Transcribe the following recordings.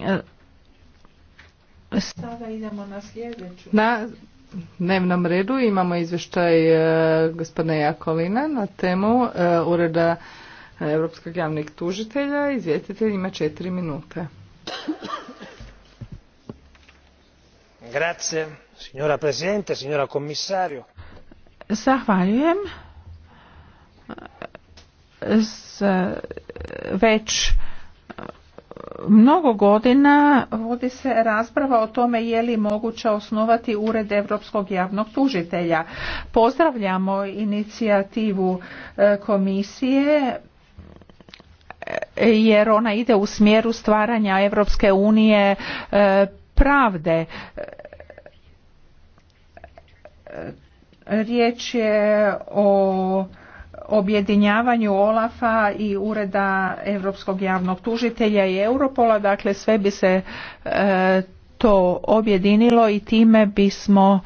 E, Sada idemo na sljedeću. Na dnevnom redu imamo izvještaj e, gospodina Jakolina na temu e, Ureda Europskog javnih tužitelja. Izvjestitelj ima četiri minute. Grazie, signora Presidente, signora Commissario. Zahvaljujem. S, već mnogo godina vodi se rasprava o tome je li moguće osnovati ured europskog javnog tužitelja pozdravljamo inicijativu e, komisije e, jer ona ide u smjeru stvaranja europske unije e, pravde riječ je o objedinjavanju OLAF-a i Ureda Europskog javnog tužitelja i Europola, dakle sve bi se e, to objedinilo i time bismo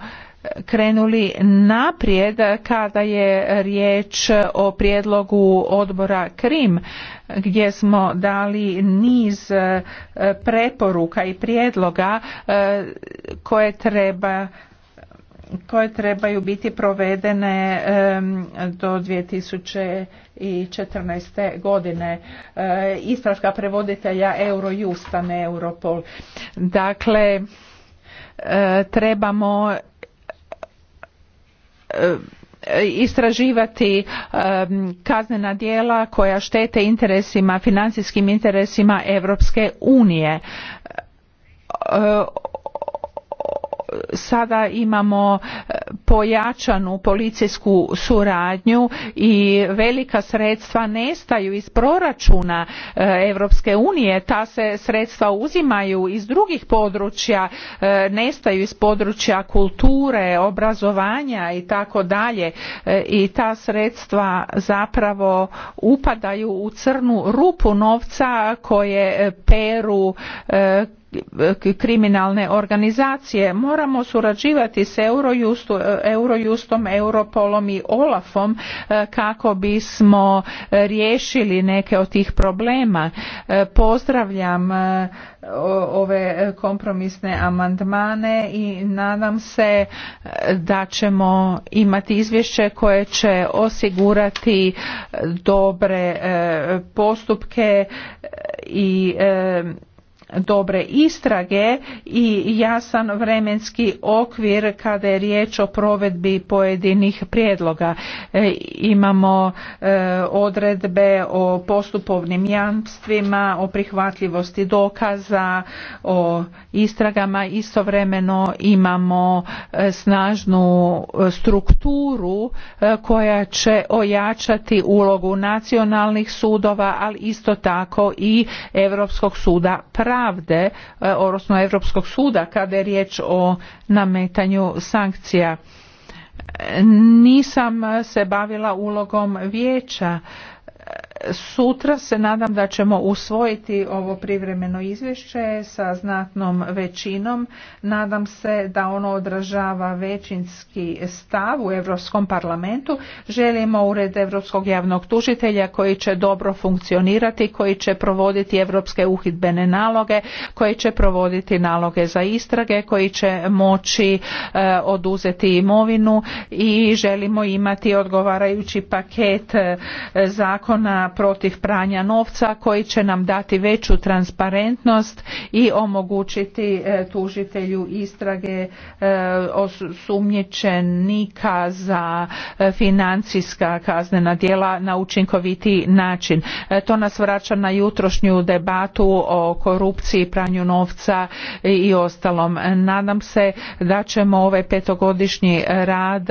e, krenuli naprijed kada je riječ o prijedlogu odbora Krim gdje smo dali niz e, preporuka i prijedloga koje treba koje trebaju biti provedene do 2014. godine. E, istražka prevoditelja Eurojusta na ne Europol. Dakle, e, trebamo e, istraživati kaznena djela koja štete interesima, financijskim interesima Europske unije sada imamo e, pojačanu policijsku suradnju i velika sredstva nestaju iz proračuna Europske unije. Ta se sredstva uzimaju iz drugih područja, e, nestaju iz područja kulture, obrazovanja i tako dalje e, i ta sredstva zapravo upadaju u crnu rupu novca koje peru E, kriminalne organizacije. Moramo surađivati s e, Eurojustom, Europolom i Olafom e, kako bismo riješili neke od tih problema. Pozdravljam ove kompromisne amandmane i nadam se da ćemo imati izvješće koje će osigurati dobre postupke i dobre istrage i jasan vremenski okvir kada je riječ o provedbi pojedinih prijedloga. E, imamo e, odredbe o postupovnim jamstvima, o prihvatljivosti dokaza, o istragama. Istovremeno imamo e, snažnu strukturu koja će ojačati ulogu nacionalnih sudova, ali isto tako i Europskog suda prava pravde, e, odnosno Europskog suda kada je riječ o nametanju sankcija. Nisam se bavila ulogom vijeća Sutra se nadam da ćemo usvojiti ovo privremeno izvješće sa znatnom većinom. Nadam se da ono odražava većinski stav u Europskom parlamentu. Želimo ured Europskog javnog tužitelja koji će dobro funkcionirati, koji će provoditi europske uhidbene naloge, koji će provoditi naloge za istrage, koji će moći e, oduzeti imovinu i želimo imati odgovarajući paket e, zakona protiv pranja novca koji će nam dati veću transparentnost i omogućiti e, tužitelju istrage e, osumnjičenika za e, financijska kaznena djela na učinkoviti način. To nas vraća na jutrošnju debatu o korupciji, pranju novca i ostalom. Nadam se da ćemo ovaj petogodišnji rad,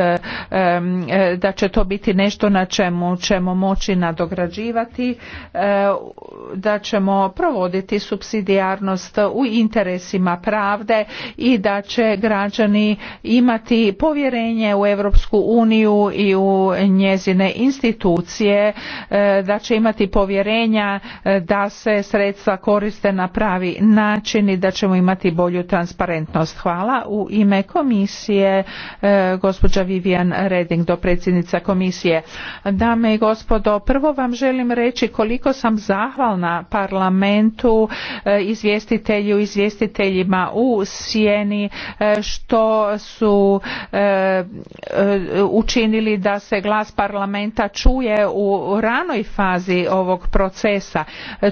da će to biti nešto na čemu ćemo moći nadograđivati E, da ćemo provoditi subsidijarnost u interesima pravde i da će građani imati povjerenje u Europsku uniju i u njezine institucije, e, da će imati povjerenja e, da se sredstva koriste na pravi način i da ćemo imati bolju transparentnost. Hvala. U ime komisije gospođa Vivian Reding, predsjednica komisije. Dame i gospodo, prvo vam želim želim reći koliko sam zahvalna parlamentu, e, izvjestitelju, izvjestiteljima u sjeni e, što su e, učinili da se glas parlamenta čuje u ranoj fazi ovog procesa.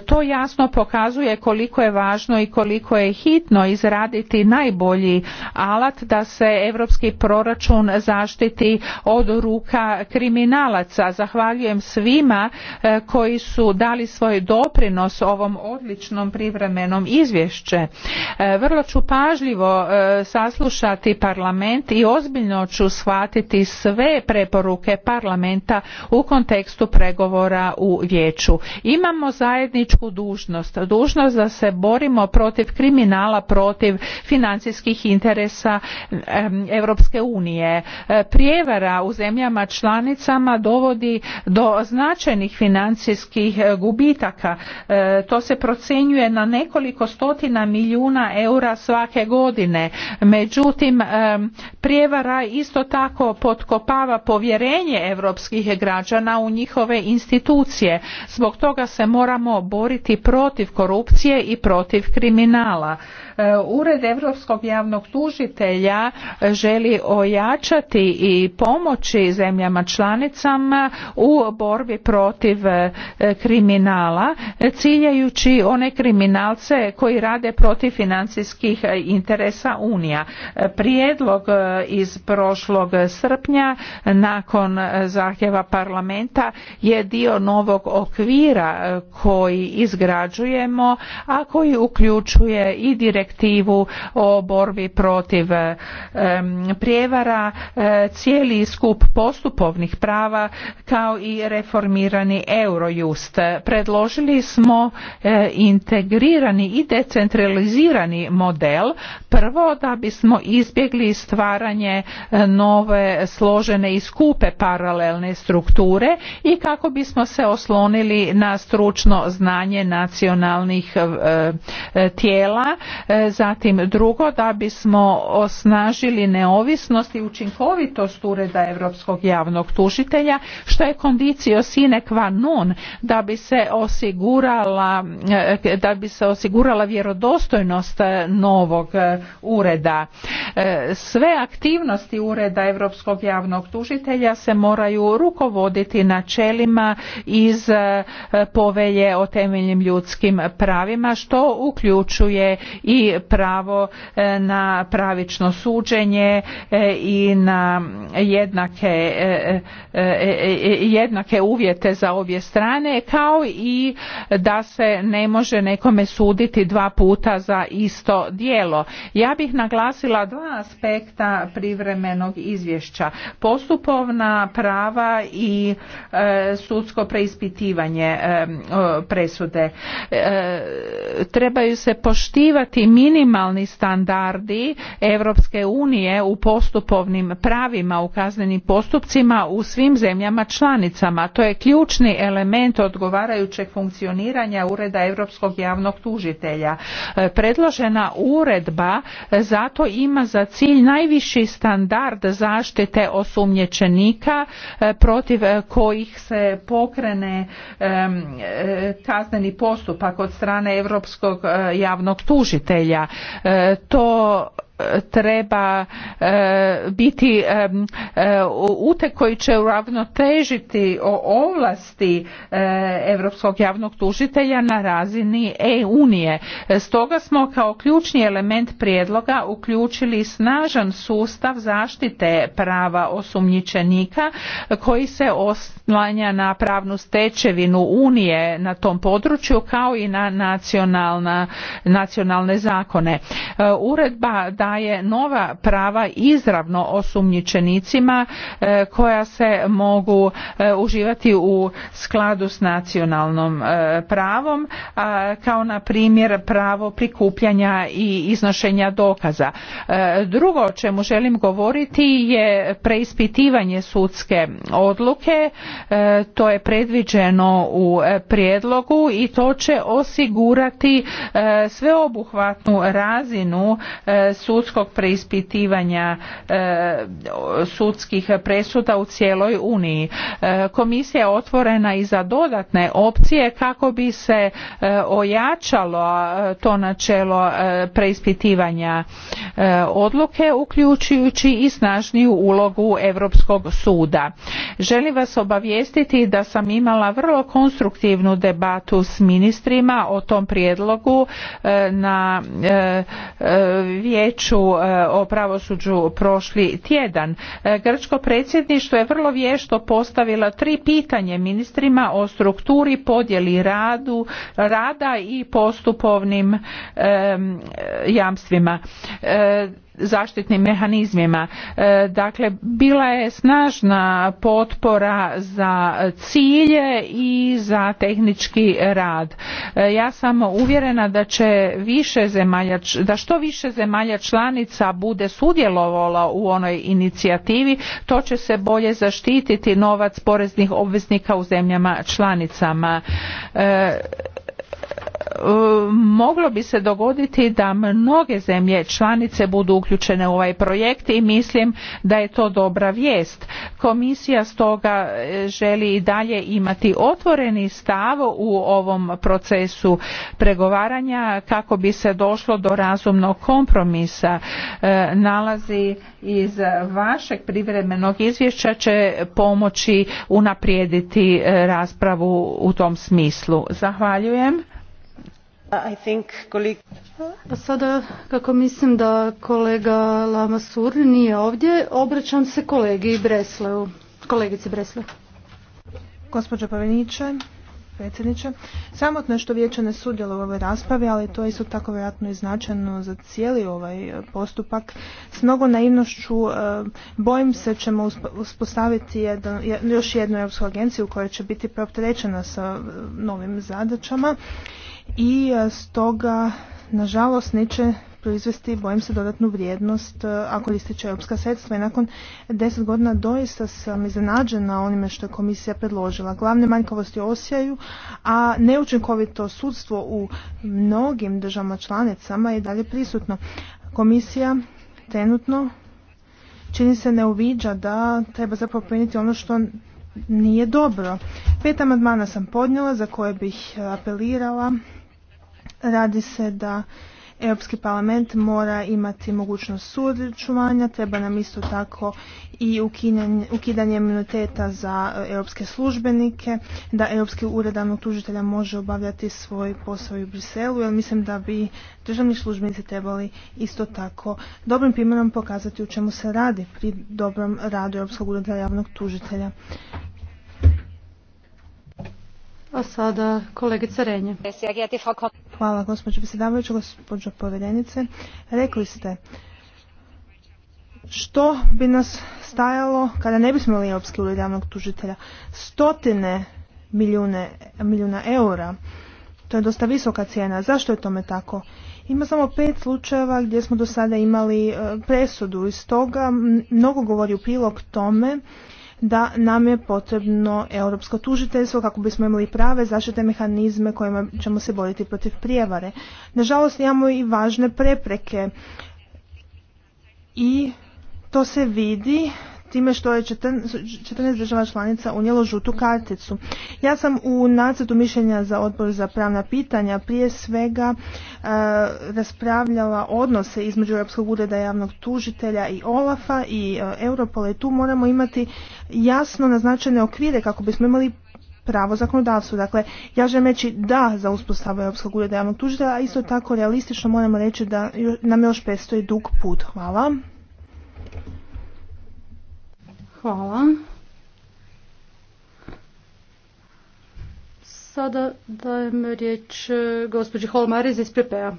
To jasno pokazuje koliko je važno i koliko je hitno izraditi najbolji alat da se europski proračun zaštiti od ruka kriminalaca. Zahvaljujem svima koji su dali svoj doprinos ovom odličnom privremenom izvješće. E, vrlo ću pažljivo e, saslušati parlament i ozbiljno ću shvatiti sve preporuke parlamenta u kontekstu pregovora u vijeću. Imamo zajedničku dužnost, dužnost da se borimo protiv kriminala, protiv financijskih interesa Europske unije. E, prijevara u zemljama članicama dovodi do značajnih financijskih financijskih e, gubitaka. E, to se procjenjuje na nekoliko stotina milijuna eura svake godine. Međutim, e, prijevara isto tako potkopava povjerenje europskih građana u njihove institucije. Zbog toga se moramo boriti protiv korupcije i protiv kriminala. Ured Europskog javnog tužitelja želi ojačati i pomoći zemljama članicama u borbi protiv e, kriminala, ciljajući one kriminalce koji rade protiv financijskih e, interesa Unija. Prijedlog e, iz prošlog srpnja nakon zahtjeva parlamenta je dio novog okvira koji izgrađujemo, a koji uključuje i direktivu direktivu o borbi protiv prijevara, e, cijeli skup postupovnih prava kao i reformirani Eurojust. Predložili smo e, integrirani i decentralizirani model prvo da bismo izbjegli stvaranje e, nove složene i skupe paralelne strukture i kako bismo se oslonili na stručno znanje nacionalnih tijela E, zatim drugo, da bismo osnažili neovisnost i učinkovitost Ureda Europskog javnog tužitelja, što je kondicio sine qua non da bi se osigurala, e, da bi se osigurala vjerodostojnost e, novog ureda. Sve aktivnosti Ureda Europskog javnog tužitelja se moraju rukovoditi načelima iz povelje o temeljnim ljudskim pravima, što uključuje i pravo e, na pravično suđenje e, i na jednake, e, jednake uvjete za obje strane kao i da se ne može nekome suditi dva puta za isto djelo. Ja bih naglasila dva aspekta privremenog izvješća. Postupovna prava i sudsko preispitivanje presude. Trebaju se poštivati minimalni standardi Europske unije u postupovnim pravima u kaznenim postupcima u svim zemljama članicama. To je ključni element odgovarajućeg funkcioniranja Ureda Europskog javnog tužitelja. E, predložena uredba zato ima za cilj najviši standard zaštite osumnjičenika e, protiv e, kojih se pokrene kazneni postupak od strane Europskog javnog tužitelja roditelja. E, to treba e, biti e, utek koji će uravnotežiti ovlasti e, europskog javnog tužitelja na razini e unije stoga smo kao ključni element prijedloga uključili snažan sustav zaštite prava osumnjičenika koji se oslanja na pravnu stečevinu unije na tom području kao i na nacionalne zakone uredba da daje nova prava izravno osumnjičenicima e, koja se mogu e, uživati u skladu s nacionalnom e, pravom kao na primjer pravo prikupljanja i iznošenja dokaza. Drugo o čemu želim govoriti je preispitivanje sudske odluke. To je predviđeno u prijedlogu i to će osigurati sveobuhvatnu razinu sudske sudskog preispitivanja e, sudskih presuda u cijeloj Uniji. E, komisija je otvorena i za dodatne opcije kako bi se e, ojačalo to načelo preispitivanja odluke uključujući i snažniju ulogu Europskog suda. Želim vas obavijestiti da sam imala vrlo konstruktivnu debatu s ministrima o tom prijedlogu na vijeću ću e, o pravosuđu prošli tjedan. E, grčko predsjedništvo je vrlo vješto postavila tri pitanje ministrima o strukturi, podjeli radu, rada i postupovnim e, jamstvima zaštitnim mehanizmima. Dakle, bila je snažna potpora za cilje i za tehnički rad. Ja sam uvjerena da će više zemalja, da što više zemalja članica bude sudjelovala u onoj inicijativi, to će se bolje zaštititi novac poreznih obveznika u zemljama članicama. E, moglo bi se dogoditi da mnoge zemlje članice budu uključene u ovaj projekt i mislim da je to dobra vijest. Komisija stoga e, želi i dalje imati otvoreni stav u ovom procesu pregovaranja kako bi se došlo do razumnog kompromisa. E, nalazi iz vašeg privremenog izvješća će pomoći unaprijediti e, raspravu u tom smislu. Zahvaljujem. A sada, kako mislim da kolega Lamasur nije ovdje, obraćam se kolegi Bresleu, kolegici Bresleu. Gospođo Paveniće, predsjedniče. Samotno što vijeće ne sudjelo u ovoj raspravi, ali to je isto tako vjerojatno i značajno za cijeli ovaj postupak. S mnogo naivnošću e, bojim se ćemo uspostaviti još jednu europsku agenciju koja će biti preopterećena sa e, novim zadaćama i e, stoga nažalost neće proizvesti, bojim se, dodatnu vrijednost e, ako ističe europska sredstva i nakon deset godina doista sam iznenađena onime što je komisija predložila. Glavne manjkavosti osjaju, a neučinkovito sudstvo u mnogim državama članicama je dalje prisutno. Komisija trenutno čini se ne uviđa da treba zapravo ono što nije dobro. Pet amandmana sam podnijela za koje bih apelirala Radi se da Europski parlament mora imati mogućnost suodlučivanja, treba nam isto tako i ukidanje imuniteta za e, europske službenike, da Europski ured javnog tužitelja može obavljati svoj posao i u Briselu, jer mislim da bi državni službenici trebali isto tako dobrim primjerom pokazati u čemu se radi pri dobrom radu Europskog ureda javnog tužitelja. A sada kolegica Renje. Hvala gospođo predsjedavajuća, gospođo povedenice. Rekli ste što bi nas stajalo kada ne bismo imali Europski ured javnog tužitelja? Stotine milijuna eura. To je dosta visoka cijena. Zašto je tome tako? Ima samo pet slučajeva gdje smo do sada imali e, presudu iz toga. mnogo govori u prilog tome da nam je potrebno europsko tužiteljstvo kako bismo imali prave zaštite mehanizme kojima ćemo se boriti protiv prijevare. Nažalost imamo i važne prepreke i to se vidi time što je 14 država članica unijelo žutu karticu. Ja sam u nacrtu mišljenja za odbor za pravna pitanja prije svega e, raspravljala odnose između Europskog ureda javnog tužitelja i Olafa i e, Europola i tu moramo imati jasno naznačene okvire kako bismo imali pravo zakonodavstvo. Dakle, ja želim reći da za uspostavu Europskog ureda javnog tužitelja, a isto tako realistično moramo reći da nam još predstoji dug put. Hvala. Hvala. Sada dajem riječ e, gospođi Holmariz iz PP-a.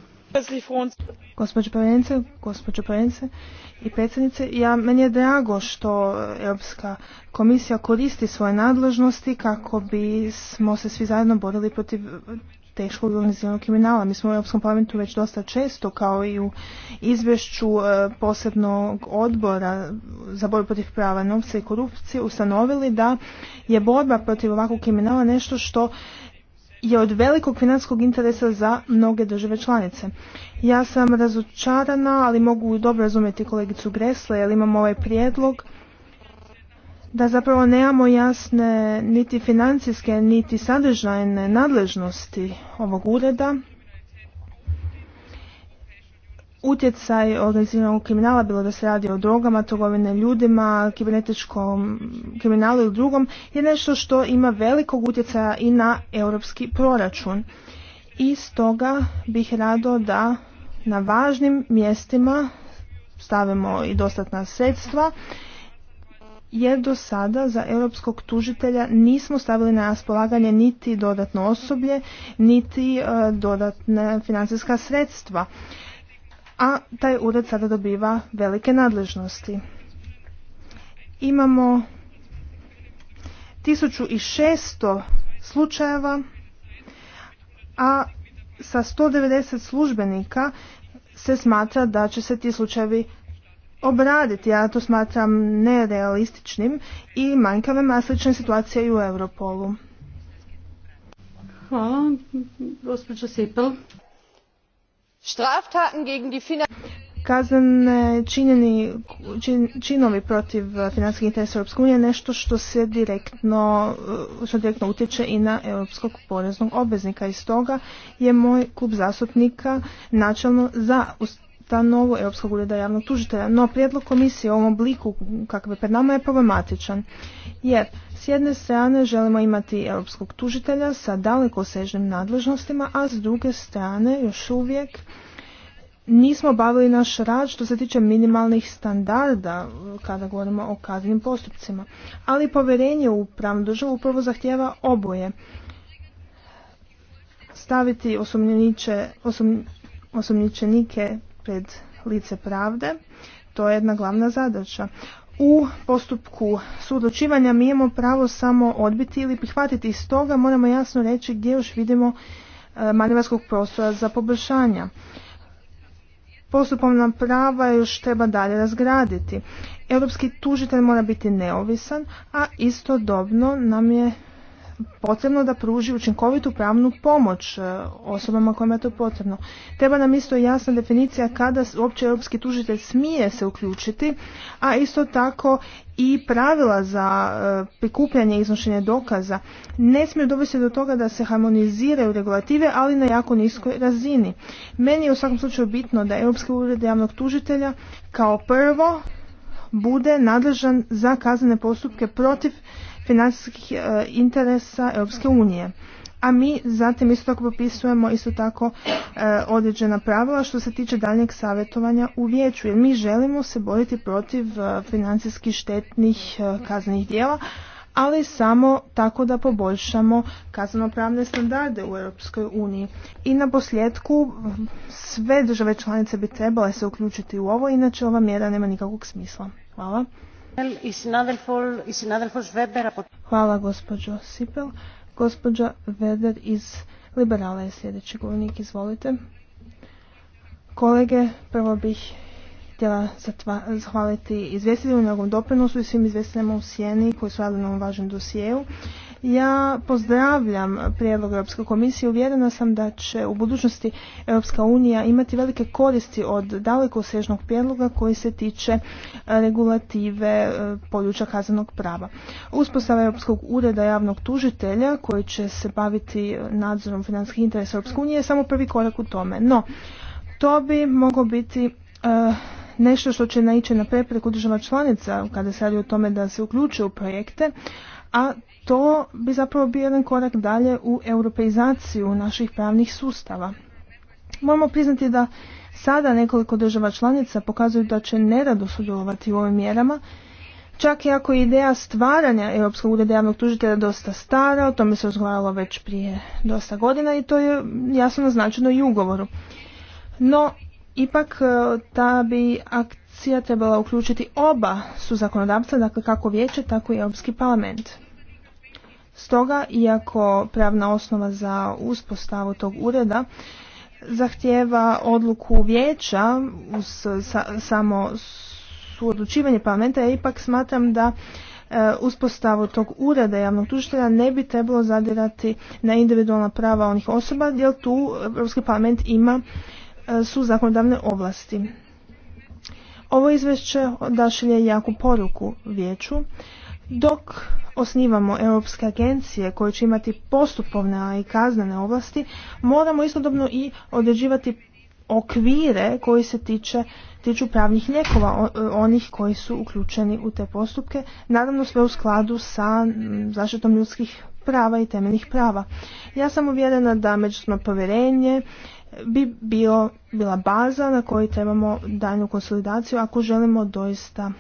Gospođo Pavljenice, gospođo Pavljenice i predsjednice, ja, meni je drago što Europska komisija koristi svoje nadležnosti kako bi smo se svi zajedno borili protiv teškog organiziranog kriminala. Mi smo u Europskom parlamentu već dosta često, kao i u izvješću e, posebnog odbora za borbu protiv prava novca i korupcije, ustanovili da je borba protiv ovakvog kriminala nešto što je od velikog financijskog interesa za mnoge države članice. Ja sam razočarana, ali mogu dobro razumjeti kolegicu Gresle, jer imam ovaj prijedlog da zapravo nemamo jasne niti financijske niti sadržajne nadležnosti ovog ureda. Utjecaj organiziranog kriminala, bilo da se radi o drogama, trgovine ljudima, kibernetičkom kriminalu ili drugom, je nešto što ima velikog utjecaja i na europski proračun. I stoga bih rado da na važnim mjestima stavimo i dostatna sredstva jer do sada za europskog tužitelja nismo stavili na raspolaganje niti dodatno osoblje, niti e, dodatne financijska sredstva. A taj ured sada dobiva velike nadležnosti. Imamo 1600 slučajeva, a sa 190 službenika se smatra da će se ti slučajevi obraditi. Ja to smatram nerealističnim i manjkavim, a slična situacija i u Europolu. Hvala, gospođa Sipel. Straftaten gegen die činjeni, činovi protiv financijskih interesa Europske unije nešto što se direktno, direktno utječe i na europskog poreznog obveznika. I stoga je moj klub zastupnika načelno za ta novo Europskog ureda javnog tužitelja. No, prijedlog komisije u ovom obliku kakav je pred nama je problematičan. Jer s jedne strane želimo imati Europskog tužitelja sa daleko sežnim nadležnostima, a s druge strane još uvijek nismo bavili naš rad što se tiče minimalnih standarda e, kada govorimo o kaznenim postupcima. Ali povjerenje u pravnu državu upravo zahtjeva oboje. Staviti osumnjičenike pred lice pravde. To je jedna glavna zadaća. U postupku suodlučivanja mi imamo pravo samo odbiti ili prihvatiti. Iz toga moramo jasno reći gdje još vidimo e, manevarskog prostora za poboljšanja. Postupovna prava još treba dalje razgraditi. Europski tužitelj mora biti neovisan, a istodobno nam je potrebno da pruži učinkovitu pravnu pomoć e, osobama kojima je to potrebno. Treba nam isto jasna definicija kada uopće europski tužitelj smije se uključiti, a isto tako i pravila za e, prikupljanje i iznošenje dokaza ne smiju dovesti do toga da se harmoniziraju regulative, ali na jako niskoj razini. Meni je u svakom slučaju bitno da Europski ured javnog tužitelja kao prvo bude nadležan za kaznene postupke protiv financijskih e, interesa Europske unije. A mi zatim isto tako popisujemo isto tako e, određena pravila što se tiče daljnjeg savjetovanja u vijeću jer mi želimo se boriti protiv e, financijski štetnih kaznenih dijela ali samo tako da poboljšamo kazno-pravne standarde u Europskoj uniji. I na posljedku sve države članice bi trebale se uključiti u ovo, inače ova mjera nema nikakvog smisla. Hvala. Hvala gospođo Sipel. Gospođa Veder iz Liberala je sljedeći govornik. Izvolite. Kolege, prvo bih htjela zahvaliti izvjestiteljima na ovom doprinosu i svim izvjestiteljima u Sjeni koji su radili na ovom važnom ja pozdravljam prijedlog Europske komisije. Uvjerena sam da će u budućnosti Europska unija imati velike koristi od daleko sežnog prijedloga koji se tiče e, regulative e, područja kaznenog prava. Uspostava Europskog ureda javnog tužitelja koji će se baviti nadzorom financijskih interesa Europske unije je samo prvi korak u tome. No, to bi moglo biti e, nešto što će naići na prepreku država članica kada se radi o tome da se uključe u projekte, a to bi zapravo bio jedan korak dalje u europeizaciju naših pravnih sustava. Moramo priznati da sada nekoliko država članica pokazuju da će nerado sudjelovati u ovim mjerama, čak i ako je ideja stvaranja Europskog ureda javnog tužitelja dosta stara, o tome se razgovaralo već prije dosta godina i to je jasno naznačeno i u ugovoru. No, ipak e, ta bi akt reakcija trebala uključiti oba su zakonodavca, dakle kako vijeće, tako i Europski parlament. Stoga, iako pravna osnova za uspostavu tog ureda zahtjeva odluku vijeća uz sa, samo suodlučivanje parlamenta, ja ipak smatram da e, uspostavu tog ureda javnog tužitelja ne bi trebalo zadirati na individualna prava onih osoba, jer tu Europski parlament ima e, su zakonodavne ovlasti. Ovo izvješće odašilje jaku poruku vijeću. Dok osnivamo europske agencije koje će imati postupovne i kaznene ovlasti, moramo istodobno i određivati okvire koji se tiče, tiču pravnih lijekova, onih koji su uključeni u te postupke, naravno sve u skladu sa zaštitom ljudskih prava i temeljnih prava. Ja sam uvjerena da međusobno povjerenje bi bio, bila baza na kojoj trebamo daljnju konsolidaciju ako želimo doista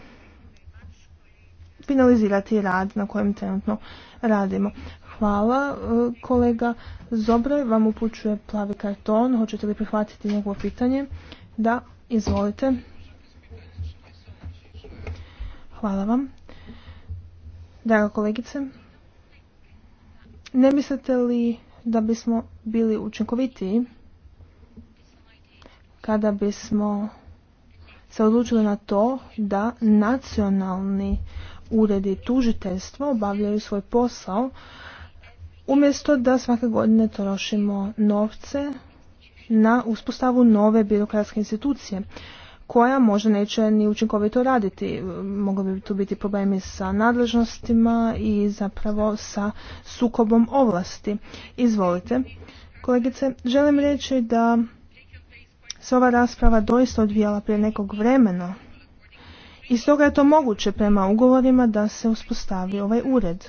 finalizirati rad na kojem trenutno radimo. Hvala e, kolega Zobroj, vam upućuje plavi karton, hoćete li prihvatiti njegovo pitanje? Da, izvolite. Hvala vam. Draga kolegice, ne mislite li da bismo bili učinkovitiji kada bismo se odlučili na to da nacionalni uredi tužiteljstva obavljaju svoj posao umjesto da svake godine trošimo novce na uspostavu nove birokratske institucije koja možda neće ni učinkovito raditi. Mogu bi tu biti problemi sa nadležnostima i zapravo sa sukobom ovlasti. Izvolite. Kolegice, želim reći da se ova rasprava doista odvijala prije nekog vremena i stoga je to moguće prema ugovorima da se uspostavi ovaj ured.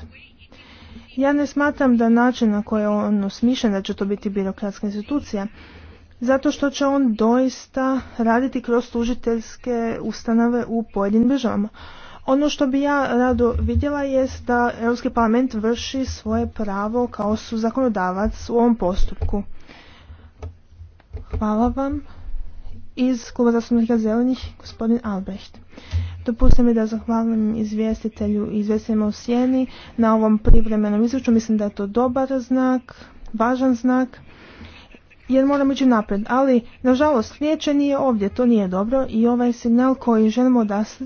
Ja ne smatram da način na koji je on osmišljen da će to biti birokratska institucija, zato što će on doista raditi kroz tužiteljske ustanove u pojedinim državama. Ono što bi ja rado vidjela jest da Europski parlament vrši svoje pravo kao su zakonodavac u ovom postupku. Hvala vam iz Kluba zastupnika zelenih, gospodin Albrecht. Dopustite mi da zahvalim izvjestitelju i izvjestiteljima u Sjeni na ovom privremenom izvješću. Mislim da je to dobar znak, važan znak, jer moramo ići napred. Ali, nažalost, vijeće nije ovdje, to nije dobro i ovaj signal koji želimo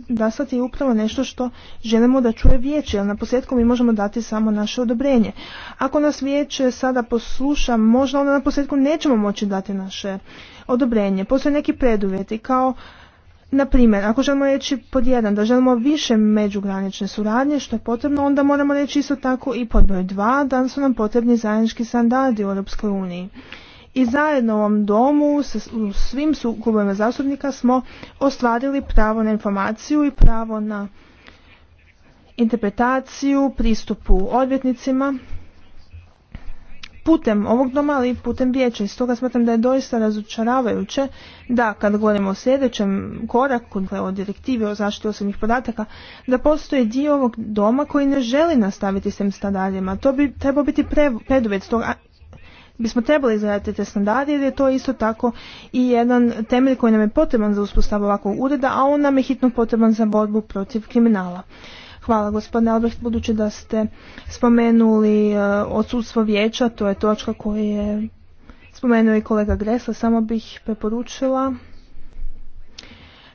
dasati je upravo nešto što želimo da čuje vijeće, jer na posljedku mi možemo dati samo naše odobrenje. Ako nas vijeće sada posluša, možda onda na posljedku nećemo moći dati naše odobrenje. Postoje neki preduvjeti kao na primjer, ako želimo reći pod jedan da želimo više međugranične suradnje što je potrebno, onda moramo reći isto tako i pod broj dva da su nam potrebni zajednički standardi u Europskoj uniji. I zajedno u ovom domu, u svim klubovima zastupnika smo ostvarili pravo na informaciju i pravo na interpretaciju, pristupu odvjetnicima putem ovog doma, ali i putem vijeća. I stoga smatram da je doista razočaravajuće da kad govorimo o sljedećem koraku, dakle, o direktivi o zaštiti osobnih podataka, da postoji dio ovog doma koji ne želi nastaviti s tim standardima. To bi trebao biti preduvjet stoga bismo trebali izgledati te standarde jer je to isto tako i jedan temelj koji nam je potreban za uspostavu ovakvog ureda, a on nam je hitno potreban za borbu protiv kriminala. Hvala gospodine Albrecht, budući da ste spomenuli e, odsudstvo vijeća, to je točka koju je spomenuo i kolega Gresla, samo bih preporučila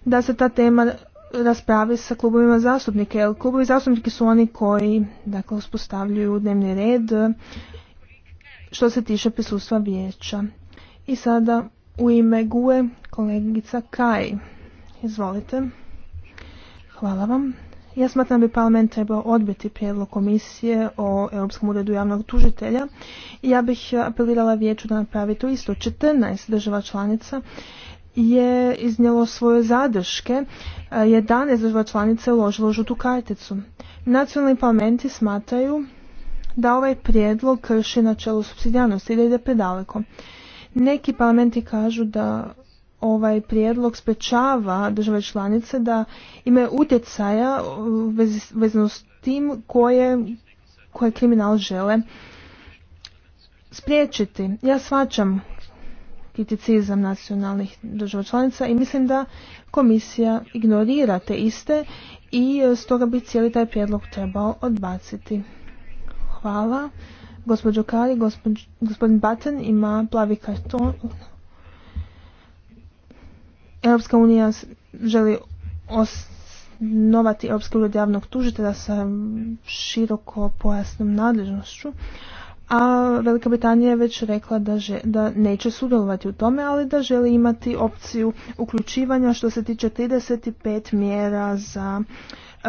da se ta tema raspravi sa klubovima zastupnika, jer klubovi zastupnike su oni koji dakle, uspostavljaju dnevni red što se tiše prisustva vijeća. I sada u ime GUE kolegica Kaj. Izvolite. Hvala vam. Ja smatram da bi parlament trebao odbiti prijedlog komisije o Europskom uredu javnog tužitelja. Ja bih apelirala vijeću da napravi to isto. 14 država članica je iznijelo svoje zadrške, 11 država članica je uložilo žutu karticu. Nacionalni parlamenti smatraju da ovaj prijedlog krši načelo supsidijarnosti i da ide predaleko. Neki parlamenti kažu da ovaj prijedlog sprečava države članice da imaju utjecaja vezano s tim koje, koje kriminal žele spriječiti. Ja svačam kriticizam nacionalnih država članica i mislim da komisija ignorira te iste i stoga bi cijeli taj prijedlog trebao odbaciti. Hvala. Gospođo Kari, gospodin Batten ima plavi karton Europska unija želi osnovati Europski ured javnog tužitelja sa široko pojasnom nadležnošću, a Velika Britanija je već rekla da, že, da neće sudjelovati u tome, ali da želi imati opciju uključivanja što se tiče 35 mjera za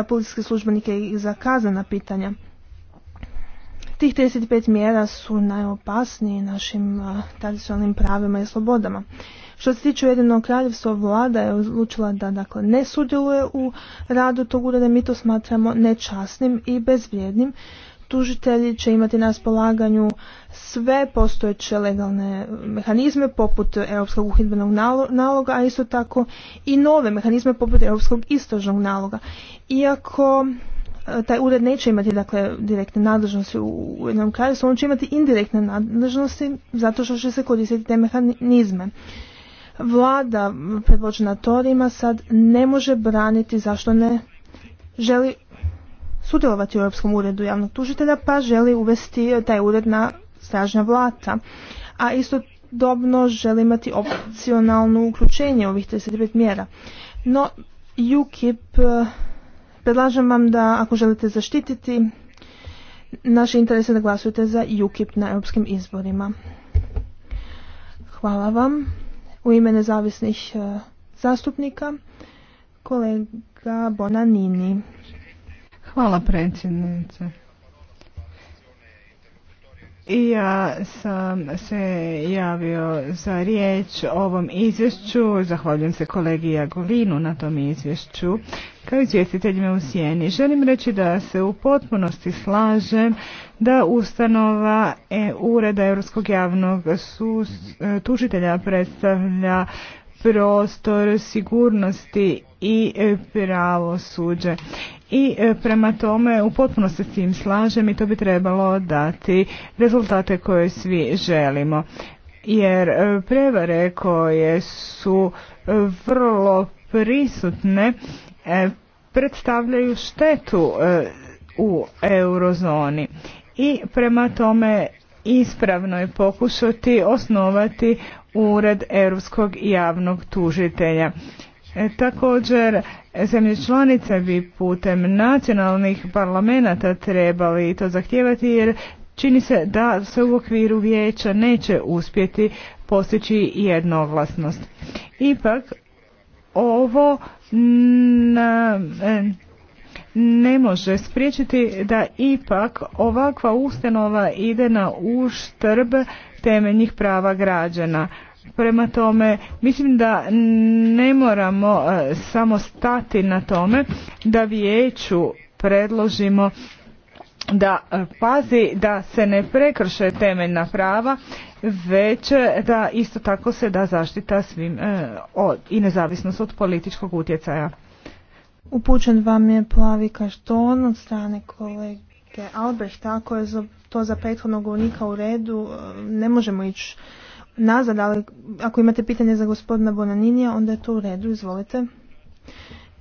policijske službenike i za kazana pitanja. Tih 35 mjera su najopasniji našim tradicionalnim pravima i slobodama. Što se tiče Ujedinog kraljevstva, vlada je odlučila da dakle, ne sudjeluje u radu tog ureda, mi to smatramo nečasnim i bezvrijednim. Tužitelji će imati na raspolaganju sve postojeće legalne mehanizme poput Europskog uhidbenog naloga, a isto tako i nove mehanizme poput Europskog istražnog naloga. Iako E, taj ured neće imati dakle direktne nadležnosti u jednom kraju, on će imati indirektne nadležnosti zato što će se koristiti te mehanizme. Vlada predvođena Torima sad ne može braniti zašto ne želi sudjelovati u Europskom uredu javnog tužitelja pa želi uvesti taj ured na stražnja vlata. A isto dobno želi imati opcionalno uključenje ovih 35 mjera. No, UKIP Predlažem vam da ako želite zaštititi naše interese da glasujete za UKIP na europskim izborima. Hvala vam. U ime nezavisnih e, zastupnika kolega Bonanini. Hvala predsjednice. Ja sam se javio za riječ o ovom izvješću. Zahvaljujem se kolegi Jagovinu na tom izvješću kao izvjestiteljima u Sjeni. Želim reći da se u potpunosti slažem da ustanova e, Ureda Europskog javnog e, tužitelja predstavlja prostor sigurnosti i pravosuđe i e, prema tome u potpunosti se s tim slažem i to bi trebalo dati rezultate koje svi želimo. Jer e, prevare koje su e, vrlo prisutne predstavljaju štetu u eurozoni i prema tome ispravno je pokušati osnovati ured europskog javnog tužitelja. E, također, zemlje članice bi putem nacionalnih parlamenta trebali to zahtijevati jer čini se da se u okviru vijeća neće uspjeti postići jednoglasnost. Ipak, ovo e, ne može spriječiti da ipak ovakva ustanova ide na uštrb temeljnih prava građana. Prema tome, mislim da ne moramo e, samo stati na tome da vijeću predložimo da e, pazi da se ne prekrše temeljna prava, već e, da isto tako se da zaštita svim od, i nezavisnost od političkog utjecaja. Upućen vam je plavi kašton od strane kolege Albrehta, ako je to za prethodnog govornika u redu, ne možemo ići nazad, ali ako imate pitanje za gospodina Bonaninija, onda je to u redu, izvolite.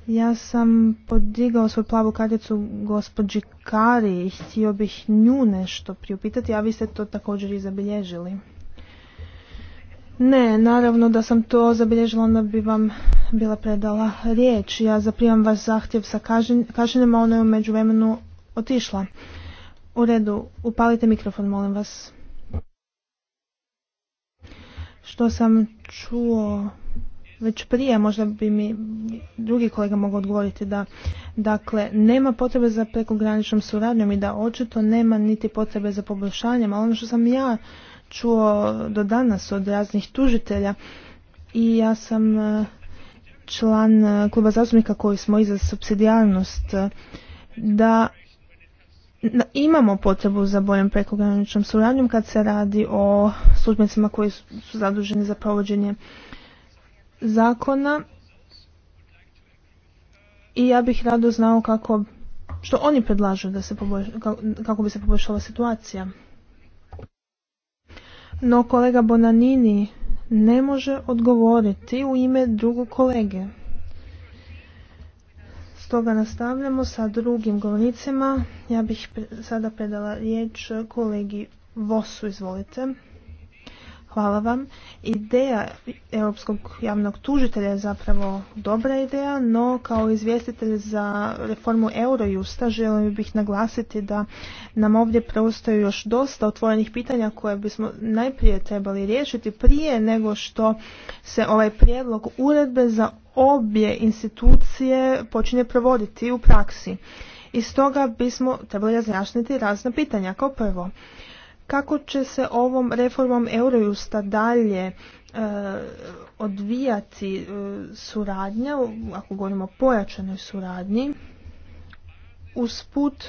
Ja sam podigao svoju plavu karticu gospođi Kari i htio bih nju nešto priupitati, a vi ste to također i zabilježili. Ne, naravno da sam to zabilježila, onda bi vam bila predala riječ. Ja zaprimam vaš zahtjev sa kašenjem, a ona je u međuvremenu otišla. U redu, upalite mikrofon, molim vas što sam čuo već prije, možda bi mi drugi kolega mogao odgovoriti da dakle nema potrebe za prekograničnom suradnjom i da očito nema niti potrebe za poboljšanjem, ali ono što sam ja čuo do danas od raznih tužitelja i ja sam e, član e, kluba zastupnika koji smo i za e, da imamo potrebu za boljom prekograničnom suradnjom kad se radi o službenicima koji su zaduženi za provođenje zakona i ja bih rado znao kako što oni predlažu da se poboljša, kako bi se poboljšala situacija. No kolega Bonanini ne može odgovoriti u ime drugog kolege. Stoga nastavljamo sa drugim govornicima. Ja bih sada predala riječ kolegi Vosu, izvolite. Hvala vam. Ideja Europskog javnog tužitelja je zapravo dobra ideja, no kao izvjestitelj za reformu Eurojusta želim bih naglasiti da nam ovdje preostaju još dosta otvorenih pitanja koje bismo najprije trebali riješiti prije nego što se ovaj prijedlog uredbe za obje institucije počinje provoditi u praksi. I stoga bismo trebali razjašniti razna pitanja. Kao prvo, kako će se ovom reformom Eurojusta dalje e, odvijati e, suradnja, ako govorimo o pojačanoj suradnji, usput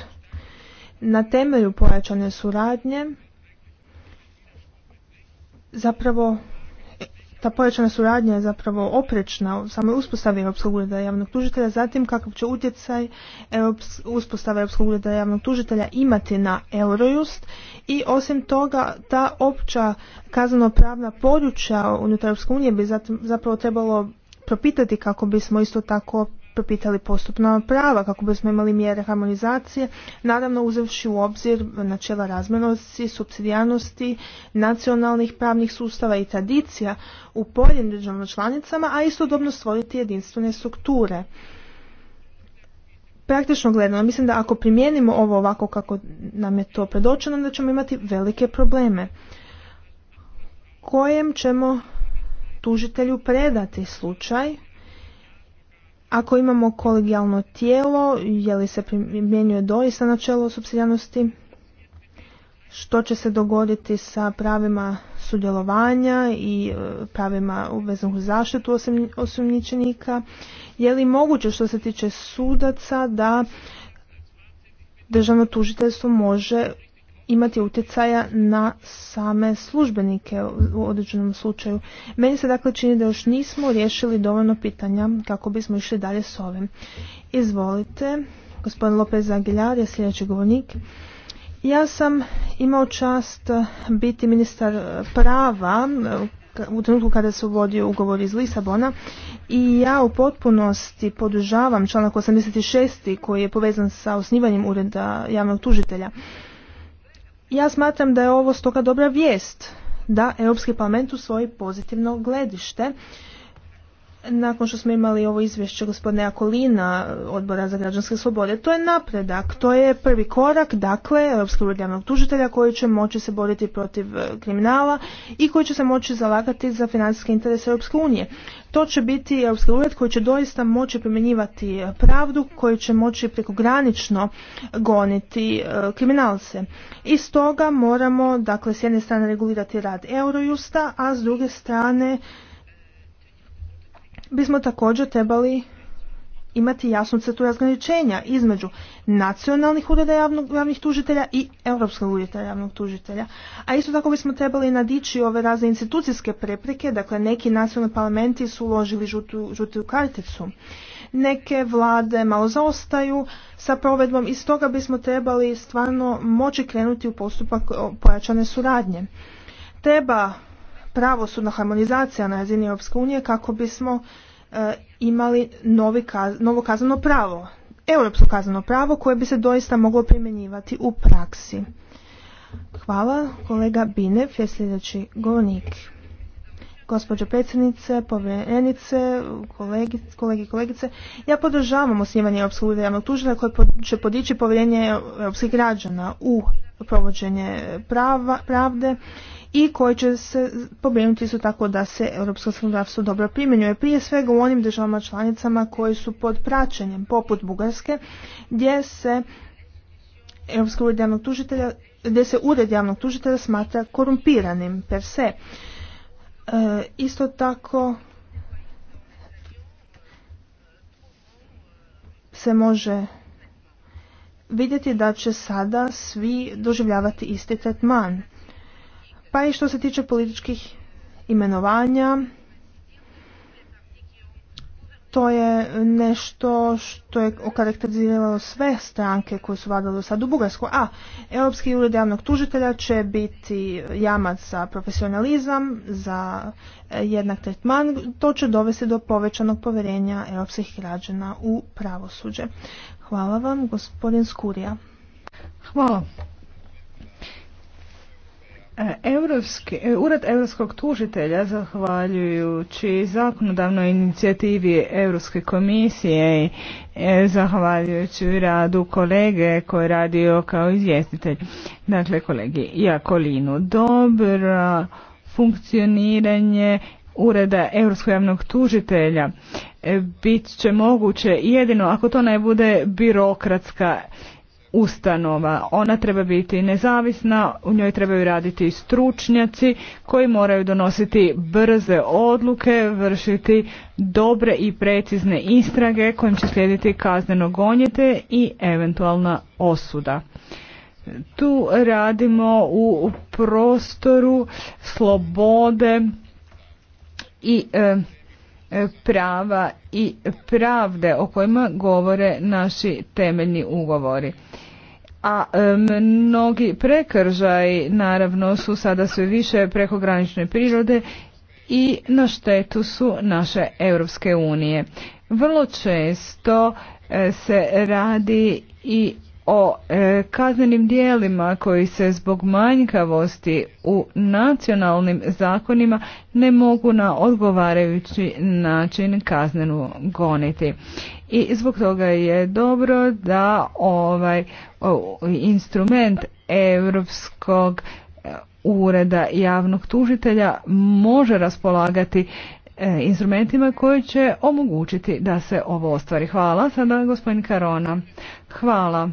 na temelju pojačane suradnje zapravo ta suradnja je zapravo oprečna u samoj uspostavi Europskog ureda javnog tužitelja, zatim kakav će utjecaj uspostava uspostave Europskog ureda javnog tužitelja imati na Eurojust i osim toga ta opća kaznenopravna područja unutar Europske unije bi zapravo trebalo propitati kako bismo isto tako propitali postupna prava kako bismo imali mjere harmonizacije, naravno uzevši u obzir načela razmjernosti, subsidijarnosti, nacionalnih pravnih sustava i tradicija u pojedinim državama članicama, a istodobno stvoriti jedinstvene strukture. Praktično gledano, mislim da ako primijenimo ovo ovako kako nam je to predočeno, da ćemo imati velike probleme. Kojem ćemo tužitelju predati slučaj ako imamo kolegijalno tijelo, je li se primjenjuje doista načelo subsidijalnosti? Što će se dogoditi sa pravima sudjelovanja i e, pravima u u zaštitu osumnjičenika? Je li moguće što se tiče sudaca da državno tužiteljstvo može imati utjecaja na same službenike u određenom slučaju. Meni se dakle čini da još nismo riješili dovoljno pitanja kako bismo išli dalje s ovim. Izvolite, gospodin Lopez Aguilar je sljedeći govornik. Ja sam imao čast biti ministar prava e, u trenutku kada se uvodio ugovor iz Lisabona i ja u potpunosti podržavam članak 86. koji je povezan sa osnivanjem ureda javnog tužitelja. Ja smatram da je ovo stoga dobra vijest da Europski parlament u svoji pozitivno gledište nakon što smo imali ovo izvješće gospodine Akolina odbora za građanske slobode, to je napredak, to je prvi korak, dakle, Europskog javnog tužitelja koji će moći se boriti protiv e, kriminala i koji će se moći zalagati za financijske interese Europske unije. To će biti Europski ured koji će doista moći primjenjivati e, pravdu, koji će moći prekogranično goniti e, kriminalce. I stoga moramo, dakle, s jedne strane regulirati rad Eurojusta, a s druge strane bismo također trebali imati jasnu crtu razgraničenja između nacionalnih ureda javnog, javnih tužitelja i europskog ureda javnog tužitelja. A isto tako bismo trebali nadići ove razne institucijske prepreke, dakle neki nacionalni parlamenti su uložili žutu, žutu karticu. Neke vlade malo zaostaju sa provedbom i stoga bismo trebali stvarno moći krenuti u postupak pojačane suradnje. Treba pravosudna harmonizacija na razini Europske unije kako bismo e, imali novi novo kazneno pravo, europsko kazneno pravo koje bi se doista moglo primjenjivati u praksi. Hvala. Kolega Binev je sljedeći govornik. Gospođo predsjednice, povjerenice, kolegi, i kolegice, ja podržavam osnivanje Europskog ureda javnog tužila koje će podići povjerenje europskih građana u provođenje prava, pravde i koji će se pobrinuti su tako da se europsko zakonodavstvo dobro primjenjuje. Prije svega u onim državama članicama koji su pod praćenjem, poput Bugarske, gdje se Europski ured javnog tužitelja, gdje se ured javnog tužitelja smatra korumpiranim per se. E, isto tako se može vidjeti da će sada svi doživljavati isti tretman pa i što se tiče političkih imenovanja to je nešto što je okarakteriziralo sve stranke koje su vladale sad u Bugarsku. A, Europski ured javnog tužitelja će biti jamac za profesionalizam, za jednak tretman. To će dovesti do povećanog poverenja europskih građana u pravosuđe. Hvala vam, gospodin Skurija. Hvala. Europski, e, Ured europskog tužitelja zahvaljujući zakonodavnoj inicijativi Europske komisije i e, zahvaljujući radu kolege koji je radio kao izvjestitelj, dakle kolegi Jakolinu. Dobro funkcioniranje Ureda europskog javnog tužitelja e, bit će moguće jedino ako to ne bude birokratska ustanova. Ona treba biti nezavisna, u njoj trebaju raditi stručnjaci koji moraju donositi brze odluke, vršiti dobre i precizne istrage kojim će slijediti kazneno gonjete i eventualna osuda. Tu radimo u prostoru slobode i e, e, prava i pravde o kojima govore naši temeljni ugovori a mnogi prekržaj naravno su sada sve više prekogranične prirode i na štetu su naše Europske unije. Vrlo često e, se radi i o e, kaznenim dijelima koji se zbog manjkavosti u nacionalnim zakonima ne mogu na odgovarajući način kaznenu goniti. I zbog toga je dobro da ovaj instrument europskog e, ureda javnog tužitelja može raspolagati E, instrumentima koji će omogućiti da se ovo ostvari. Hvala. Sada gospodin Karona. Hvala.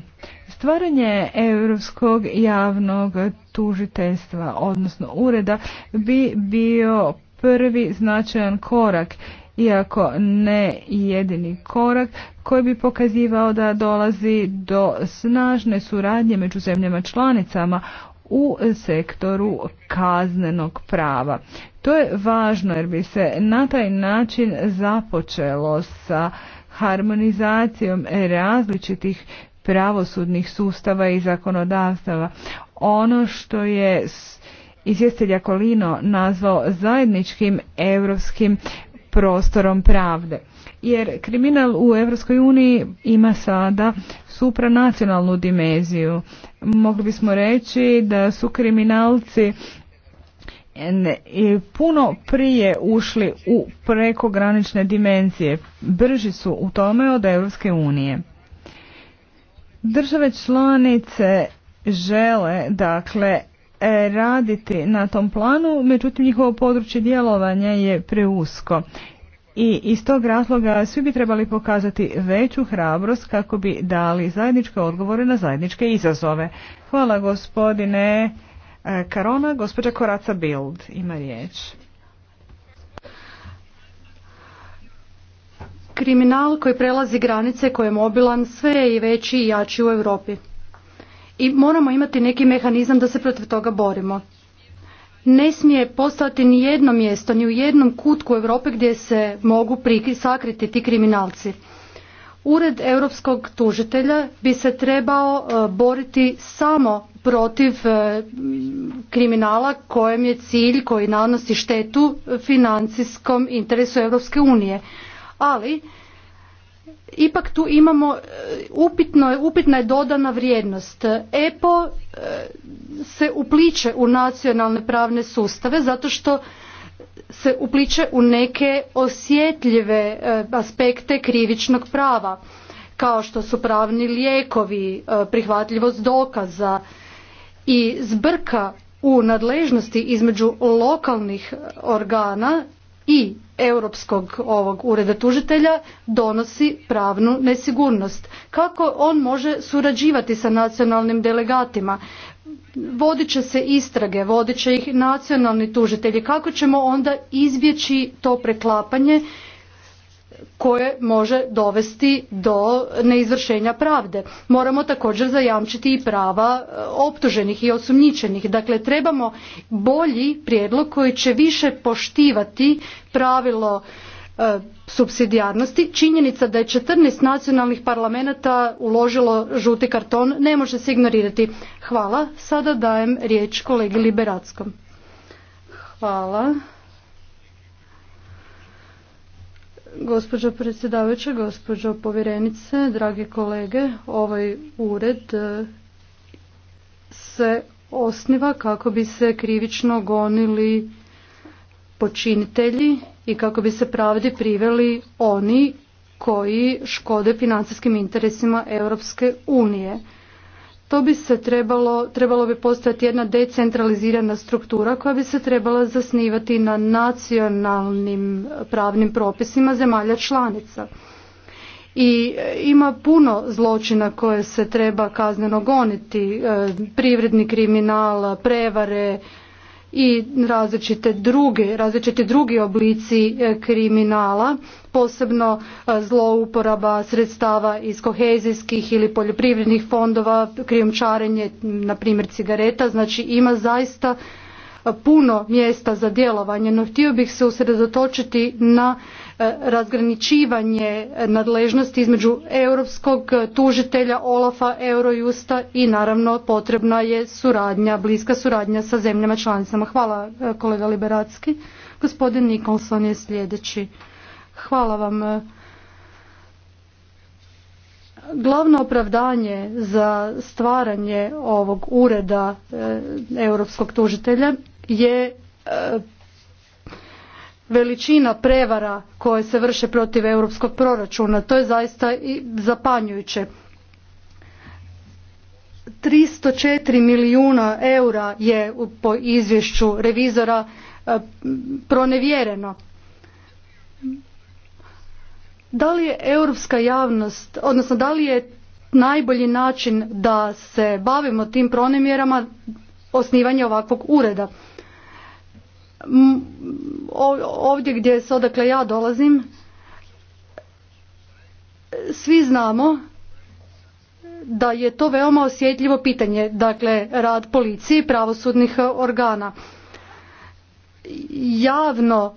Stvaranje Europskog javnog tužiteljstva, odnosno ureda, bi bio prvi značajan korak, iako ne jedini korak, koji bi pokazivao da dolazi do snažne suradnje među zemljama članicama u sektoru kaznenog prava. To je važno jer bi se na taj način započelo sa harmonizacijom različitih pravosudnih sustava i zakonodavstava. Ono što je izvjestitelj Kolino nazvao zajedničkim europskim prostorom pravde jer kriminal u Europskoj uniji ima sada supranacionalnu dimenziju. Mogli bismo reći da su kriminalci puno prije ušli u prekogranične dimenzije. Brži su u tome od Europske unije. Države članice žele dakle e, raditi na tom planu, međutim njihovo područje djelovanja je preusko i iz tog razloga svi bi trebali pokazati veću hrabrost kako bi dali zajedničke odgovore na zajedničke izazove. Hvala gospodine e, Karona, gospođa Koraca Bild ima riječ. Kriminal koji prelazi granice koji je mobilan sve je i veći i jači u Europi. I moramo imati neki mehanizam da se protiv toga borimo ne smije postati ni jedno mjesto, ni u jednom kutku Europe gdje se mogu sakriti ti kriminalci. Ured europskog tužitelja bi se trebao e, boriti samo protiv e, kriminala kojem je cilj koji nanosi štetu e, financijskom interesu Europske unije. Ali ipak tu imamo e, upitno, upitna je dodana vrijednost. EPO e, se upliče u nacionalne pravne sustave zato što se upliče u neke osjetljive e, aspekte krivičnog prava kao što su pravni lijekovi, prihvatljivost dokaza i zbrka u nadležnosti između lokalnih organa i europskog ovog ureda tužitelja donosi pravnu nesigurnost. Kako on može surađivati sa nacionalnim delegatima? Vodit će se istrage, vodit će ih nacionalni tužitelji. Kako ćemo onda izbjeći to preklapanje koje može dovesti do neizvršenja pravde. Moramo također zajamčiti i prava e, optuženih i osumnjičenih. Dakle, trebamo bolji prijedlog koji će više poštivati pravilo e, supsidijarnosti. subsidijarnosti. Činjenica da je 14 nacionalnih parlamenta uložilo žuti karton ne može se ignorirati. Hvala. Sada dajem riječ kolegi Liberackom. Hvala. Gospođo predsjedavajuća, gospođo povjerenice, dragi kolege, ovaj ured e, se osniva kako bi se krivično gonili počinitelji i kako bi se pravdi priveli oni koji škode financijskim interesima Europske unije to bi se trebalo, trebalo bi postojati jedna decentralizirana struktura koja bi se trebala zasnivati na nacionalnim pravnim propisima zemalja članica. I e, ima puno zločina koje se treba kazneno goniti, e, privredni kriminal, prevare, i različite druge, različite drugi oblici e, kriminala, posebno e, zlouporaba sredstava iz kohezijskih ili poljoprivrednih fondova, krijumčarenje na primjer cigareta, znači ima zaista e, puno mjesta za djelovanje, no htio bih se usredotočiti na E, razgraničivanje nadležnosti između europskog tužitelja Olafa, Eurojusta i naravno potrebna je suradnja, bliska suradnja sa zemljama članicama. Hvala e, kolega Liberatski. Gospodin Nikolson je sljedeći. Hvala vam. E, glavno opravdanje za stvaranje ovog ureda europskog tužitelja je veličina prevara koje se vrše protiv europskog proračuna. To je zaista i zapanjujuće. 304 milijuna eura je po izvješću revizora e, pronevjereno. Da li je europska javnost, odnosno da li je najbolji način da se bavimo tim pronemjerama osnivanje ovakvog ureda? ovdje gdje se odakle ja dolazim svi znamo da je to veoma osjetljivo pitanje, dakle rad policije i pravosudnih e, organa. Javno,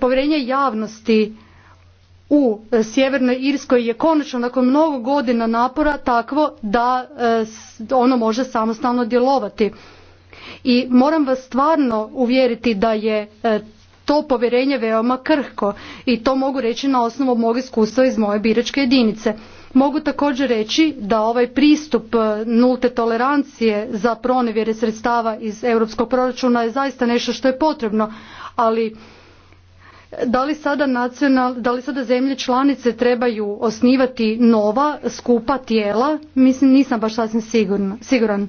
povjerenje javnosti u Sjevernoj Irskoj je konačno nakon mnogo godina napora takvo da e, ono može samostalno djelovati i moram vas stvarno uvjeriti da je e, to povjerenje veoma krhko i to mogu reći na osnovu mog iskustva iz moje biračke jedinice. Mogu također reći da ovaj pristup e, nulte tolerancije za pronevjere sredstava iz europskog proračuna je zaista nešto što je potrebno, ali e, da li sada, nacional, da li sada zemlje članice trebaju osnivati nova skupa tijela, mislim nisam baš sasvim siguran.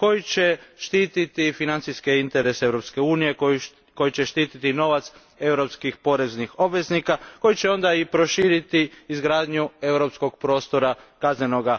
koji će štititi financijske interese europske unije koji će štititi novac europskih poreznih obveznika koji će onda i proširiti izgradnju europskog prostora kaznenoga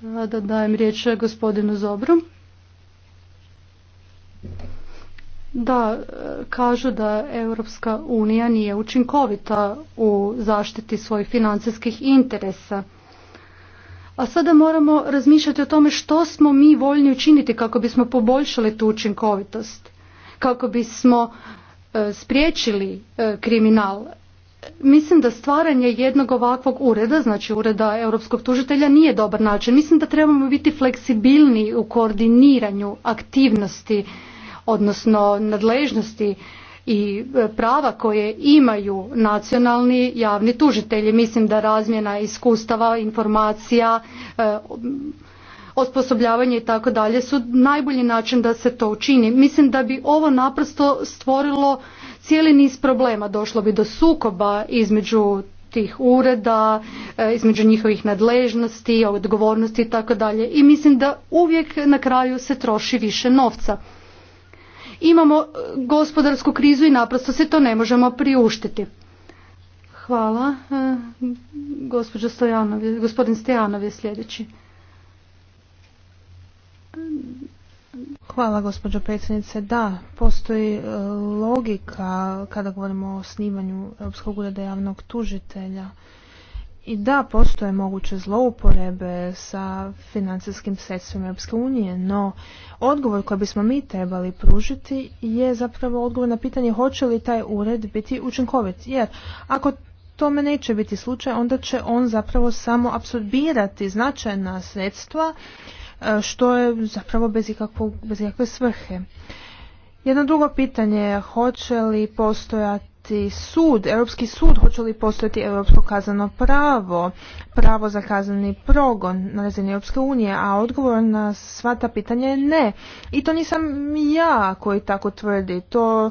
Sada dajem riječ gospodinu Zobru. Da, kažu da Europska unija nije učinkovita u zaštiti svojih financijskih interesa. A sada moramo razmišljati o tome što smo mi voljni učiniti kako bismo poboljšali tu učinkovitost, kako bismo e, spriječili e, kriminal. Mislim da stvaranje jednog ovakvog ureda, znači ureda europskog tužitelja, nije dobar način. Mislim da trebamo biti fleksibilni u koordiniranju aktivnosti, odnosno nadležnosti i e, prava koje imaju nacionalni javni tužitelji. Mislim da razmjena iskustava, informacija, e, osposobljavanje i tako dalje su najbolji način da se to učini. Mislim da bi ovo naprosto stvorilo cijeli niz problema. Došlo bi do sukoba između tih ureda, e, između njihovih nadležnosti, odgovornosti i tako dalje. I mislim da uvijek na kraju se troši više novca. Imamo e, gospodarsku krizu i naprosto se to ne možemo priuštiti. Hvala. E, gospodin Stojanov je sljedeći. Hvala gospođo predsjednice. Da, postoji e, logika kada govorimo o snimanju Europskog ureda javnog tužitelja. I da, postoje moguće zlouporebe sa financijskim sredstvima Europske unije, no odgovor koji bismo mi trebali pružiti je zapravo odgovor na pitanje hoće li taj ured biti učinkovit. Jer ako tome neće biti slučaj, onda će on zapravo samo apsorbirati značajna sredstva E, što je zapravo bez, ikakvog, bez ikakve svrhe. Jedno drugo pitanje je hoće li postojati sud, Europski sud, hoće li postojati Europsko kazneno pravo, pravo za kazneni progon na razini Europske unije, a odgovor na sva ta pitanja je ne. I to nisam ja koji tako tvrdi, to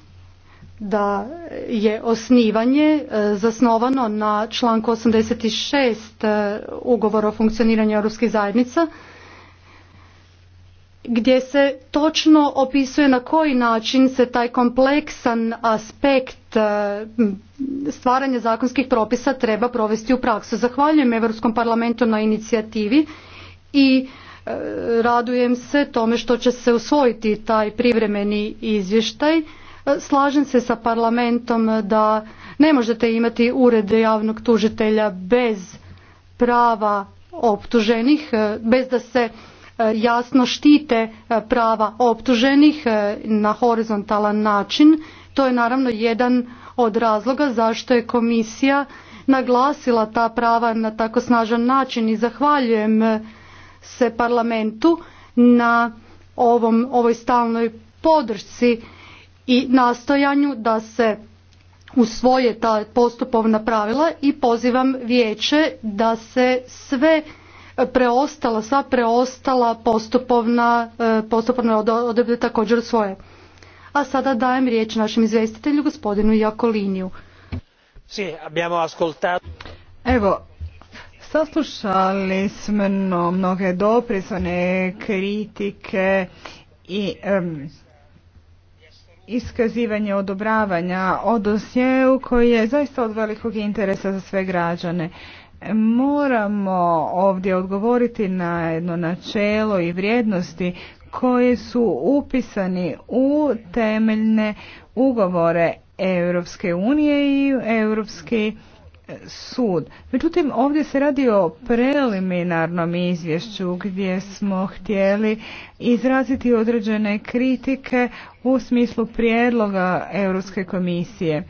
da je osnivanje e, zasnovano na članku 86 e, ugovora o funkcioniranju europskih zajednica gdje se točno opisuje na koji način se taj kompleksan aspekt e, stvaranja zakonskih propisa treba provesti u praksu. Zahvaljujem Europskom parlamentu na inicijativi i radujem se tome što će se usvojiti taj privremeni izvještaj Slažem se sa parlamentom da ne možete imati ured javnog tužitelja bez prava optuženih, e, bez da se e, jasno štite e, prava optuženih na horizontalan način. To je naravno jedan od razloga zašto je komisija naglasila ta prava na tako snažan način i zahvaljujem se parlamentu na ovom, ovoj stalnoj podršci i nastojanju da se usvoje ta postupovna pravila i pozivam vijeće da se sve preostala, sva preostala postupovna, e, postupovne odredbe također svoje. A sada dajem riječ našem izvjestitelju gospodinu Jakoliniju. Evo, saslušali smo mnoge doprisane kritike i iskazivanje odobravanja o dosjeu koji je zaista od velikog interesa za sve građane. Moramo ovdje odgovoriti na jedno načelo i vrijednosti koje su upisani u temeljne ugovore Europske unije i Europski sud. Međutim, ovdje se radi o preliminarnom izvješću gdje smo htjeli izraziti određene kritike u smislu prijedloga Europske komisije.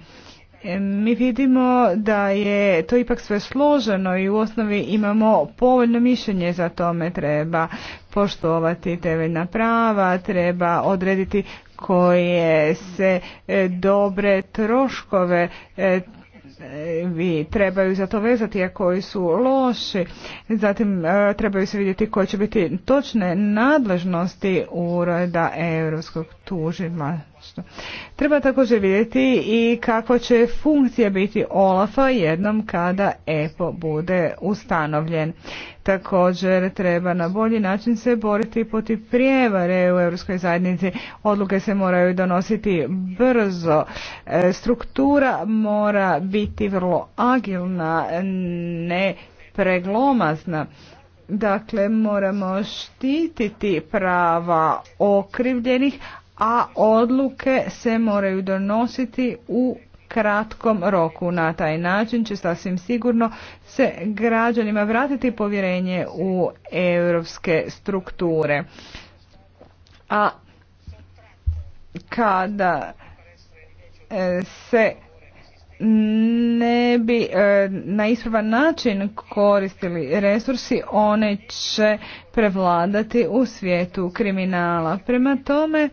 E, mi vidimo da je to ipak sve složeno i u osnovi imamo povoljno mišljenje za tome. Treba poštovati temeljna prava, treba odrediti koje se e, dobre troškove e, vi trebaju za to vezati, a koji su loši. Zatim e, trebaju se vidjeti koje će biti točne nadležnosti ureda Europskog tužima Treba također vidjeti i kakva će funkcija biti Olafa jednom kada EPO bude ustanovljen. Također treba na bolji način se boriti protiv prijevare u Europskoj zajednici. Odluke se moraju donositi brzo. E, struktura mora biti vrlo agilna, ne preglomazna. Dakle, moramo štititi prava okrivljenih, a odluke se moraju donositi u kratkom roku. Na taj način će sasvim sigurno se građanima vratiti povjerenje u europske strukture. A kada e, se ne bi e, na ispravan način koristili resursi, one će prevladati u svijetu kriminala. Prema tome, e,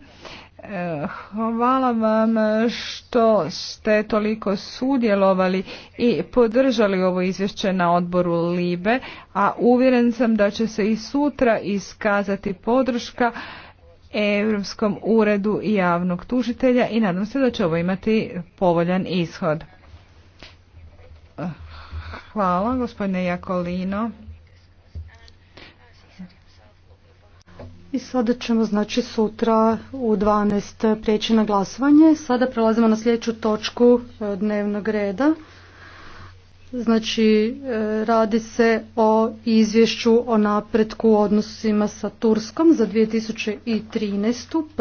hvala vam što ste toliko sudjelovali i podržali ovo izvješće na odboru Libe, a uvjeren sam da će se i sutra iskazati podrška Europskom uredu javnog tužitelja i nadam se da će ovo imati povoljan ishod. Hvala, gospodine Jakolino. I sada ćemo znači sutra u 12 prijeći na glasovanje. Sada prelazimo na sljedeću točku e, dnevnog reda. Znači e, radi se o izvješću o napretku u odnosima sa Turskom za 2013.